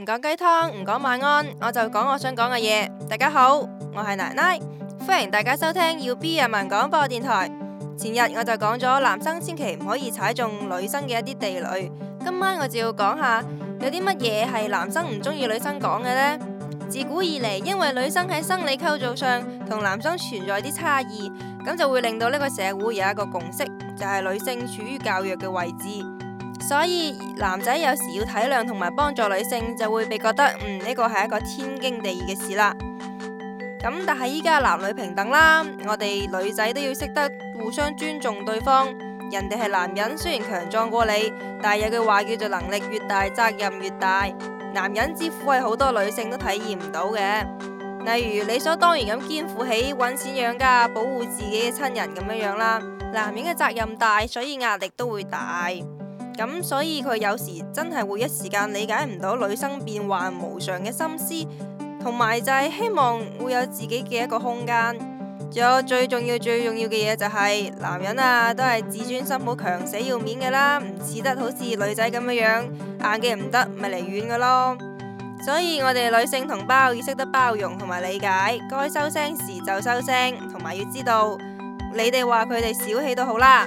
唔講雞湯，唔講晚安，我就講我想講嘅嘢。大家好，我係奶奶，歡迎大家收聽要 B 人民廣播電台。前日我就講咗男生千祈唔可以踩中女生嘅一啲地雷，今晚我就要講下有啲乜嘢係男生唔中意女生講嘅呢？自古以嚟，因為女生喺生理構造上同男生存在啲差異，咁就會令到呢個社會有一個共識，就係、是、女性處於教育嘅位置。所以男仔有時要體諒同埋幫助女性，就會被覺得嗯，呢個係一個天經地義嘅事啦。咁但係依家男女平等啦，我哋女仔都要識得互相尊重對方。人哋係男人，雖然強壯過你，但係有句話叫做能力越大，責任越大。男人之苦係好多女性都體驗唔到嘅，例如理所當然咁肩負起揾錢養家、保護自己嘅親人咁樣樣啦。男人嘅責任大，所以壓力都會大。咁所以佢有時真係會一時間理解唔到女生變幻無常嘅心思，同埋就係希望會有自己嘅一個空間。仲有最重要最重要嘅嘢就係男人啊，都係自尊心好強，死要面噶啦，唔似得好似女仔咁嘅樣，硬嘅唔得咪離遠噶咯。所以我哋女性同胞要識得包容同埋理解，該收聲時就收聲，同埋要知道你哋話佢哋小氣都好啦。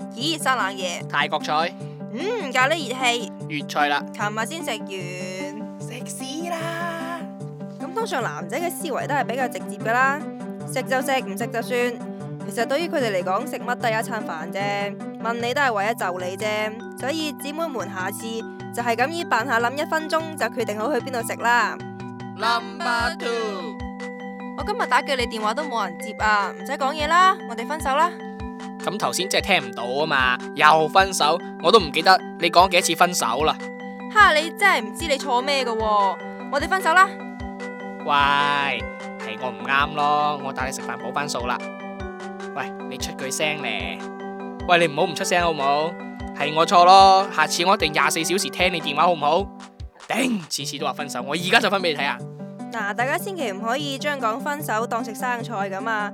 咦，生冷嘢？泰國菜。嗯，咖喱熱氣。粵菜啦。琴日先食完。食屎啦！咁通常男仔嘅思維都係比較直接噶啦，食就食，唔食就算。其實對於佢哋嚟講，食乜都係一餐飯啫。問你都係為咗就你啫。所以姊妹們，下次就係咁意扮下諗一分鐘就決定好去邊度食啦。Number two，我今日打俾你電話都冇人接啊，唔使講嘢啦，我哋分手啦。咁頭先真係聽唔到啊嘛，又分手，我都唔記得你講幾多次分手啦。吓，你真係唔知你錯咩噶？我哋分手啦。喂，係我唔啱咯，我帶你食飯補翻數啦。喂，你出句聲咧，喂你唔好唔出聲好唔好？係我錯咯，下次我一定廿四小時聽你電話好唔好？頂，次次都話分手，我而家就分俾你睇啊。嗱，大家千祈唔可以將講分手當食生菜咁啊！.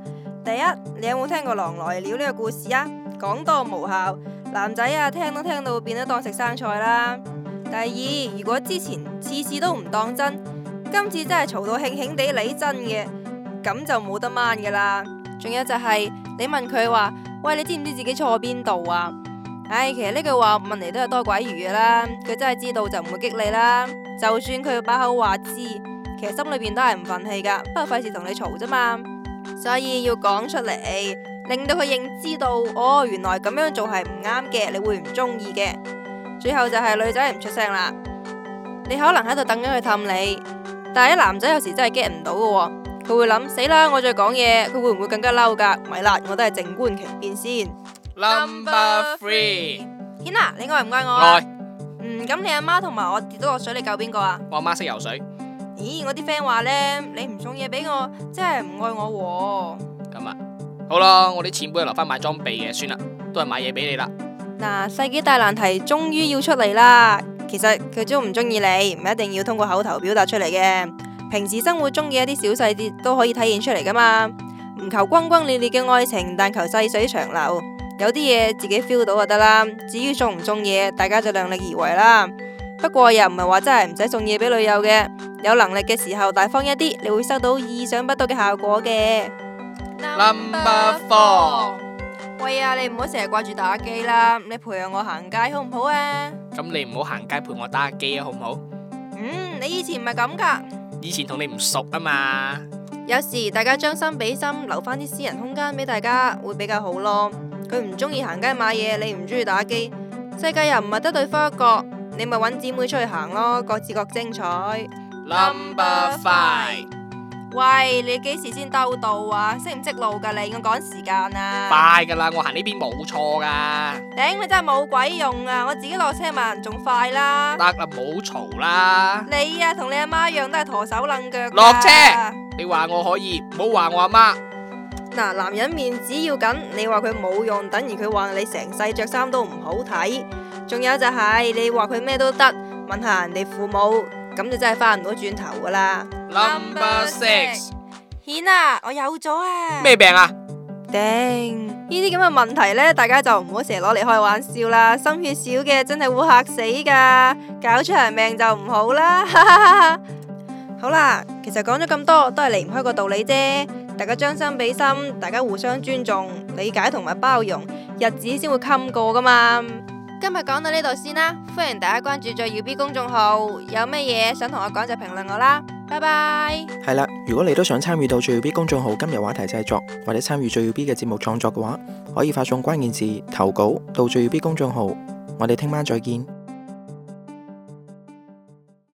第一，你有冇聽過狼來了呢個故事啊？講多無效，男仔啊聽都聽到變得當食生菜啦。第二，如果之前次次都唔當真，今次真係嘈到興興地理真嘅，咁就冇得掹噶啦。仲有就係，你問佢話，喂，你知唔知自己錯邊度啊？唉，其實呢句話問嚟都係多鬼餘嘅啦。佢真係知道就唔會激你啦。就算佢把口話知，其實心裏邊都係唔忿氣噶，不過費事同你嘈啫嘛。所以要講出嚟，令到佢認知到，哦，原來咁樣做係唔啱嘅，你會唔中意嘅。最後就係女仔唔出聲啦。你可能喺度等緊佢氹你，但係男仔有時真係 get 唔到嘅，佢會諗，死啦，我再講嘢，佢會唔會更加嬲噶？咪喇，我都係靜觀其變先。Number three，天娜，你愛唔愛我？愛。嗯，咁你阿媽同埋我跌咗個水，你救邊個啊？我阿媽識游水。咦，我啲 friend 話呢，你唔送嘢俾我，真係唔愛我啊。咁啊，好啦，我啲錢本嚟留翻買裝備嘅，算啦，都係買嘢俾你啦。嗱、啊，世紀大難題終於要出嚟啦。其實佢中唔中意你，唔一定要通過口頭表達出嚟嘅，平時生活中嘅一啲小細節都可以體現出嚟噶嘛。唔求轟轟烈烈嘅愛情，但求細水長流。有啲嘢自己 feel 到就得啦。至於送唔送嘢，大家就量力而為啦。不過又唔係話真係唔使送嘢俾女友嘅。有能力嘅時候大方一啲，你會收到意想不到嘅效果嘅。Number four，喂啊！你唔好成日掛住打機啦，你陪我行街好唔好啊？咁你唔好行街陪我打機啊，好唔好？嗯，你以前唔係咁噶，以前同你唔熟啊嘛。有時大家將心比心，留翻啲私人空間俾大家會比較好咯。佢唔中意行街買嘢，你唔中意打機，世界又唔係得對方一個，你咪搵姊妹出去行咯，各自各精彩。number five，喂，你幾時先兜到啊？識唔識路噶你？我趕時間啊！快噶啦，我行呢邊冇錯噶。頂，你真係冇鬼用啊！我自己落車埋，仲快啦。得啦，冇嘈啦。你啊，同你阿媽一樣都係陀手楞腳。落車！你話我可以，唔好話我阿媽。嗱，男人面子要緊，你話佢冇用，等於佢話你成世着衫都唔好睇。仲有就係你話佢咩都得，問下人哋父母。咁就真係翻唔到轉頭噶啦！Number six，顯啊，我有咗啊！咩病啊？定呢啲咁嘅問題呢，大家就唔好成日攞嚟開玩笑啦，心血少嘅真係會吓死噶，搞出人命就唔好啦！ 好啦，其實講咗咁多，都係離唔開個道理啫。大家將心比心，大家互相尊重、理解同埋包容，日子先會冚過噶嘛。今日講到呢度先啦，歡迎大家關注最耀 B 公眾號，有乜嘢想同我講就評論我啦，拜拜。係啦，如果你都想參與到最耀 B 公眾號今日話題製作，或者參與最耀 B 嘅節目創作嘅話，可以發送關鍵字投稿到最耀 B 公眾號，我哋聽晚再見。